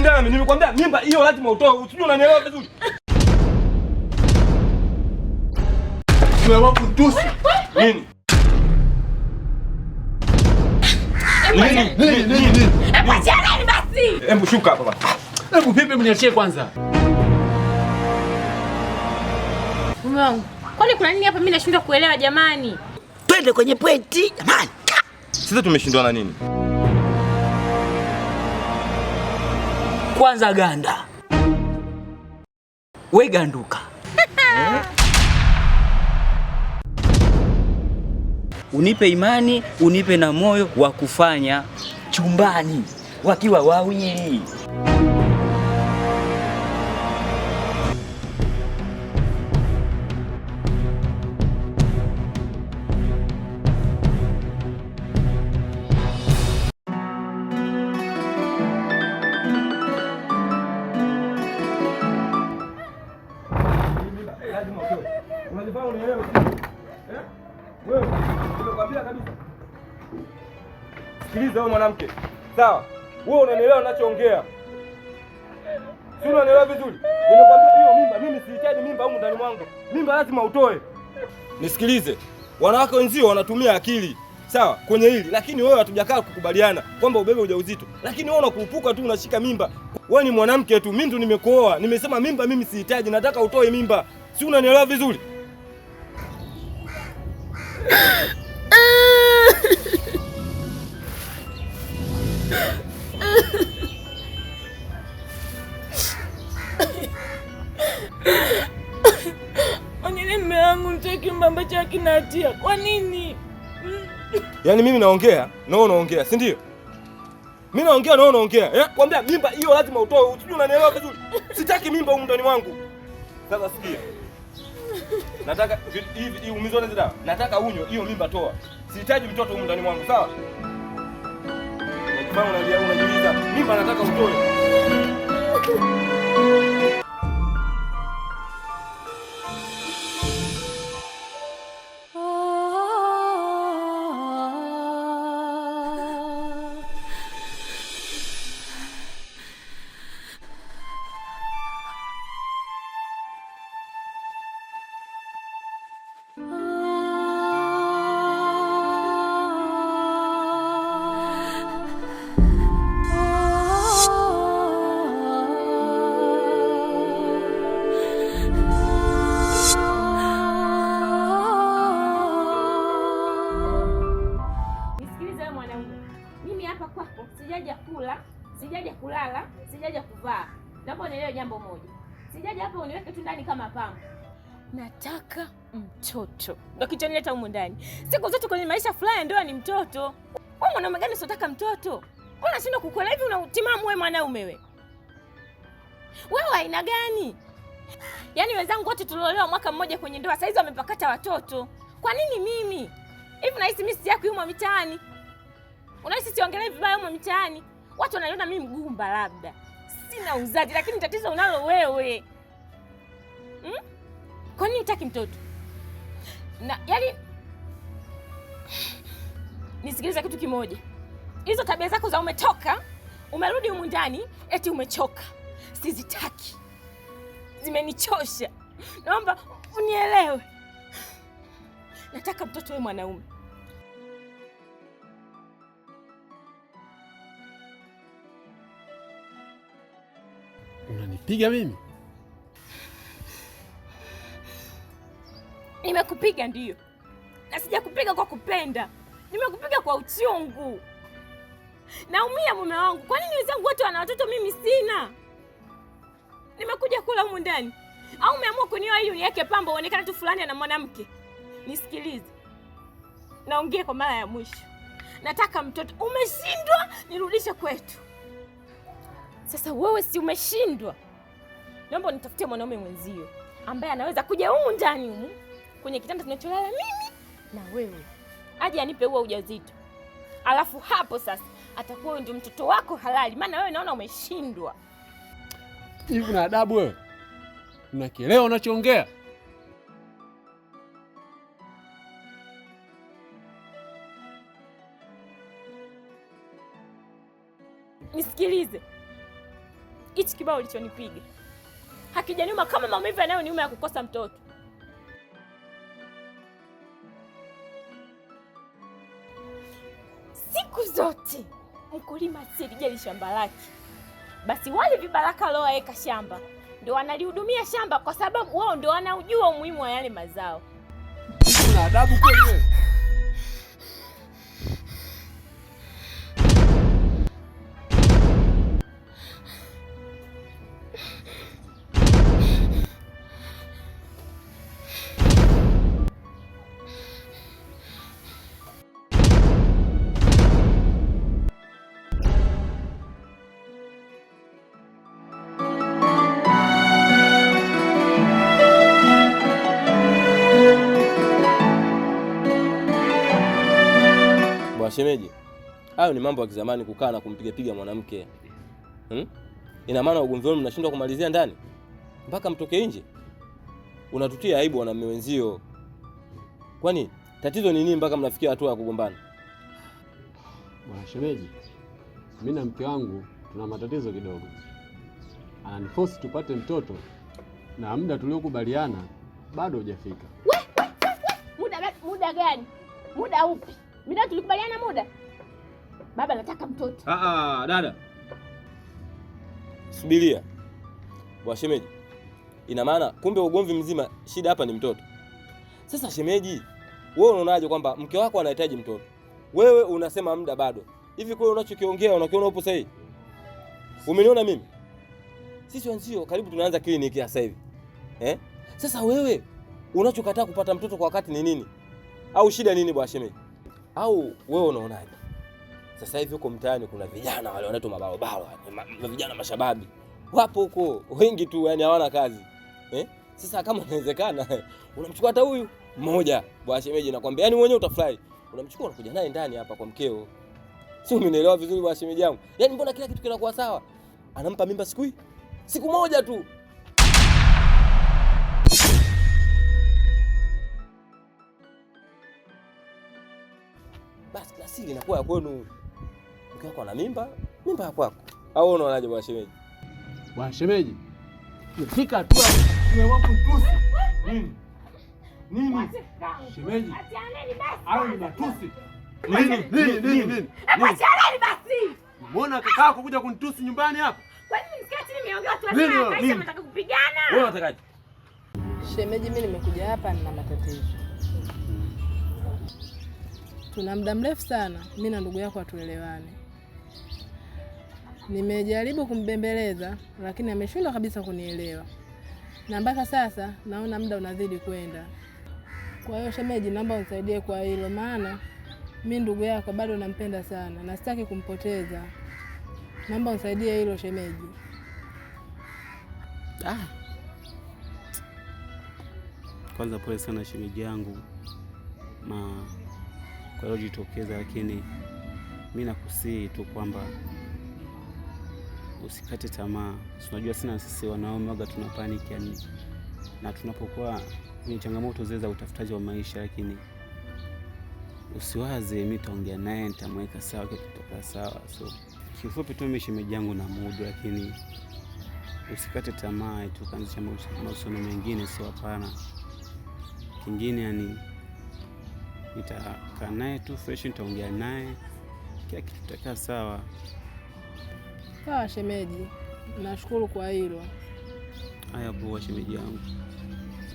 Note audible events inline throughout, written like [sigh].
Sindana, nimekwambia mimba hiyo lazima utoe. Usijua unanielewa vizuri. Tumeamua kutusi. Nini? Nini? Nini? Nini? Hebu chaleni basi. Hebu shuka hapa basi. Hebu vipi mniachie kwanza? Mume wangu, kwani kuna nini hapa mimi nashindwa kuelewa jamani? Twende kwenye pointi jamani. Sisi tumeshindwa na nini? kwanza ganda we ganduka [laughs] Unipe imani, unipe na moyo wa kufanya chumbani wakiwa wawili. Sikiliza wewe mwanamke, sawa? Wewe unanielewa ninachoongea, si unanielewa vizuri? Nimekwambia hiyo mimba mimi sihitaji mimba huko ndani mwangu, mimba lazima utoe. Nisikilize, wanawake wenzio wanatumia akili sawa kwenye hili, lakini wewe hatujakaa kukubaliana kwamba ubebe ujauzito, lakini wewe unakurupuka tu, unashika mimba. Wewe ni mwanamke tu, mimi ndo nimekuoa, nimesema mimba mimi sihitaji, nataka utoe mimba, si unanielewa vizuri? Kwanini mme wangu nitoe kiumbe ambacho hakina hatia? Kwa nini? Yaani mimi naongea na wewe unaongea, si ndio? Mimi naongea na wewe unaongea. Eh, kwambia mimba hiyo lazima utoe. Usijui unanielewa vizuri. Sitaki mimba huko ndani mwangu. Sasa sikia. Nataka hivi iumizwe na dawa. Nataka unywe hiyo mimba toa. Sihitaji mtoto huko ndani mwangu, sawa? unajiuliza mimba nataka utoe mtoto ndo kichonileta humu ndani. Siku zote kwenye maisha fulani ndoa ni mtoto. Wewe mwanaume gani usotaka mtoto? Unashindwa kukuelewa hivi, unautimamu wewe mwanaume wewe. Wewe aina gani? Yaani wenzangu wote tulolewa mwaka mmoja kwenye ndoa, saizi wamepakata watoto. Kwa nini mimi? Hivi nahisi mimi si yako yumo mitaani? Unahisi siongelee vibaya yumo mitaani? Watu wananiona mimi mgumba labda. Sina uzazi, lakini tatizo unalo wewe. Hmm? Kwa nini utaki mtoto? na yani, nisikilize kitu kimoja, hizo tabia zako za umetoka umerudi humu ndani eti umechoka, sizitaki, zimenichosha. Naomba unielewe, nataka mtoto wewe mwanaume Unanipiga mimi? kupiga ndio, na sija kupiga kwa kupenda, nimekupiga kwa uchungu. Naumia mume wangu, kwa nini wenzangu wote wana watoto, mimi sina? Nimekuja kula humu ndani au umeamua kunioa ili uniweke pambo uonekane tu fulani na mwanamke? Nisikilize, naongea kwa mara ya mwisho, nataka mtoto. Umeshindwa nirudishe kwetu. Sasa wewe si umeshindwa? Naomba nitafutie mwanaume mwenzio ambaye anaweza kuja humu ndani humu kwenye kitanda tunacholala mimi na wewe, aje anipe huo ujauzito, alafu hapo sasa atakuwa ndio mtoto wako halali. Maana wewe naona umeshindwa hivi na adabu wewe, unakielewa unachoongea? Nisikilize, hichi kibao ulichonipiga hakijaniuma kama maumivu yanayoniuma ya kukosa mtoto. siku zote mkulima asilijali shamba lake, basi wale vibaraka walioweka shamba ndo wanalihudumia shamba, kwa sababu wao ndo wanaujua umuhimu wa yale mazao. Kuna adabu kweli Bwana shemeji, hayo ni mambo ya kizamani, kukaa na kumpigapiga mwanamke hmm? Ina maana ugomvi wenu mnashindwa kumalizia ndani mpaka mtoke nje, unatutia aibu wanaume wenzio. Kwani tatizo ni nini mpaka mnafikia hatua ya kugombana? Bwana shemeji, mimi na mke wangu tuna matatizo kidogo, ananifosi tupate mtoto na muda tuliokubaliana bado hujafika. Muda gani? Muda upi? Mida, tulikubaliana muda. Baba nataka mtoto. Ah ah, dada. Subiria. shemeji. Ina maana kumbe ugomvi mzima shida hapa ni mtoto. Sasa shemeji, wewe unaonaje kwamba mke wako anahitaji mtoto? Wewe unasema muda bado. Hivi kwa unachokiongea unakiona upo sahihi? Umeniona mimi? Sisi wenzio karibu tunaanza kliniki sasa hivi. Eh? Sasa wewe unachokataa kupata mtoto kwa wakati ni nini? Au shida nini bwana shemeji? au wewe unaonaje? Sasa hivi huko mtaani kuna vijana wale wanaitwa mabarobaro, vijana mashababi wapo huko wengi tu, yani hawana kazi eh? Sasa kama inawezekana [laughs] unamchukua hata huyu mmoja bwana shemeji, nakwambia yani mwenyewe utafurahi, unamchukua unakuja naye ndani hapa kwa mkeo, si unielewa vizuri bwana shemeji yangu? Yani mbona kila kitu kinakuwa sawa? Anampa mimba siku hii, siku moja tu asili inakuwa ya kwenu, mke wako ana mimba, mimba ya kwako, au unaonaje bwana shemeji? Bwana shemeji, fika tu nini nini, shemeji, au ni matusi nini nini nini nini? Nini? Achana basi, mbona kakaako kuja kunitusi nyumbani hapa? Kwa nini tu kaisha Unatakaje? Shemeji, mimi nimekuja hapa nina matatizo tuna muda mrefu sana, mi na ndugu yako hatuelewani. Nimejaribu kumbembeleza lakini ameshindwa kabisa kunielewa, na mpaka sasa naona muda unazidi kwenda. Kwa hiyo shemeji, naomba unisaidie kwa hilo, maana mi ndugu yako bado nampenda sana na sitaki kumpoteza. Naomba unisaidie hilo shemeji. Ah, kwanza pole sana shemeji yangu na Ma kwa jitokeza, lakini mi nakusihi tu kwamba usikate tamaa. Unajua sana sisi wanaume waga tuna panic yani, na tunapokuwa kwenye changamoto zile za utafutaji wa maisha, lakini usiwaze mi taongea naye nitamweka sawa, kitoka sawa. So kifupi tu mi shemeji yangu na mudu, lakini usikate tamaa, kaanzisha mahusiano mengine, sio hapana. Kingine yani nitakaa naye tu fresh, nitaongea naye kila kitu kitakaa sawa sawa. Shemeji, nashukuru kwa hilo. Haya bua, shemeji yangu,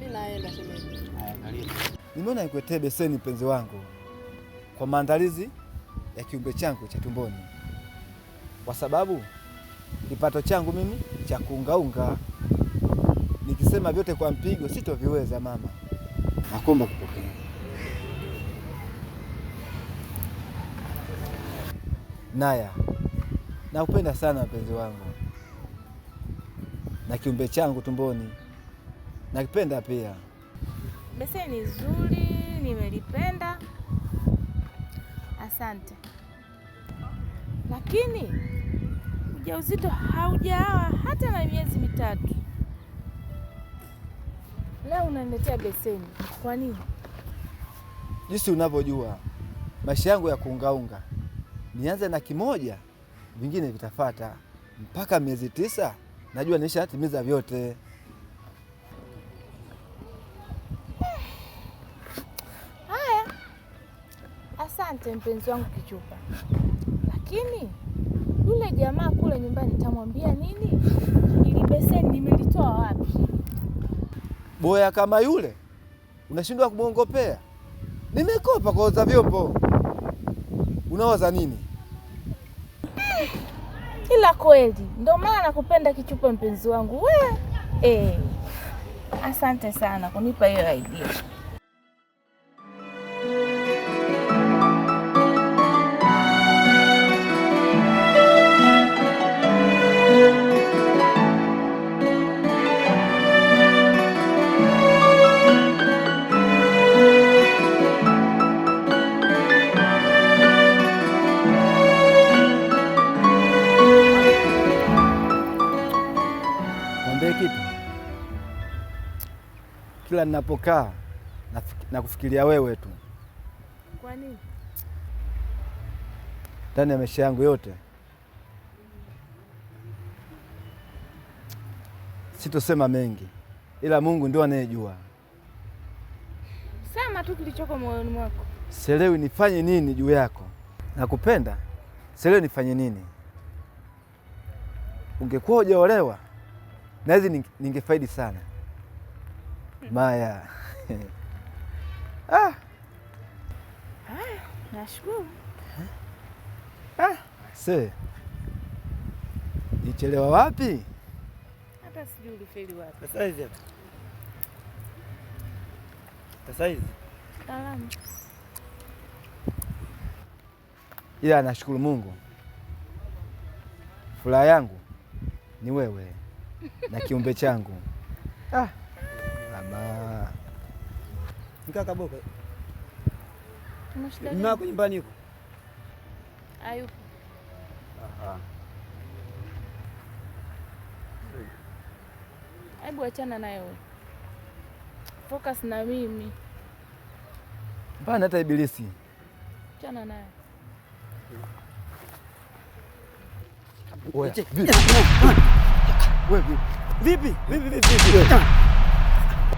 mi naenda shemeji. Nimeona nikuletee beseni mpenzi wangu, kwa maandalizi ya kiumbe changu cha tumboni, kwa sababu kipato changu mimi cha kuungaunga, nikisema vyote kwa mpigo sitoviweza. Mama, nakuomba kupokea Naya, nakupenda sana mpenzi wangu na kiumbe changu tumboni nakipenda pia. Beseni zuri, nimelipenda asante, lakini ujauzito haujawa hata na miezi mitatu. Leo unaniletea beseni, kwa nini? Jinsi unavyojua maisha yangu ya kuungaunga nianze na kimoja, vingine vitafata. Mpaka miezi tisa najua nishatimiza vyote. Haya, asante mpenzi wangu Kichupa, lakini yule jamaa kule nyumbani nitamwambia nini? Ili beseni nimelitoa wapi? Boya kama yule unashindwa kumwongopea, nimekopa kwaoza vyombo Unawaza nini? Ila kweli ndio maana nakupenda kichupa, mpenzi wangu we. Eh, asante sana kunipa hiyo idea. Niwaambie kitu, kila ninapokaa nakufikiria wewe tu. Kwa nini? Ndani ya maisha yangu yote sitosema mengi, ila Mungu ndio anayejua. Sema tu kilichoko moyoni mwako. Sielewi nifanye nini juu yako, nakupenda. Sielewi nifanye nini. Ungekuwa hujaolewa na hizi ningefaidi sana hmm. Maya. [laughs] ah. Ah, nashukuru ah. Se nichelewa wapi? Hata sijui ulifeli wapi sasa hivi sasa hivi. Salamu. Ila nashukuru Mungu, furaha yangu ni wewe na kiumbe changu ah. Ama nikakaboka mako nyumbani huko ayupo? Ah, Aha. Hebu achana naye wewe, focus na mimi bana. Hata ibilisi achana naye. Vipi? Vipi? Vipi? Vipi?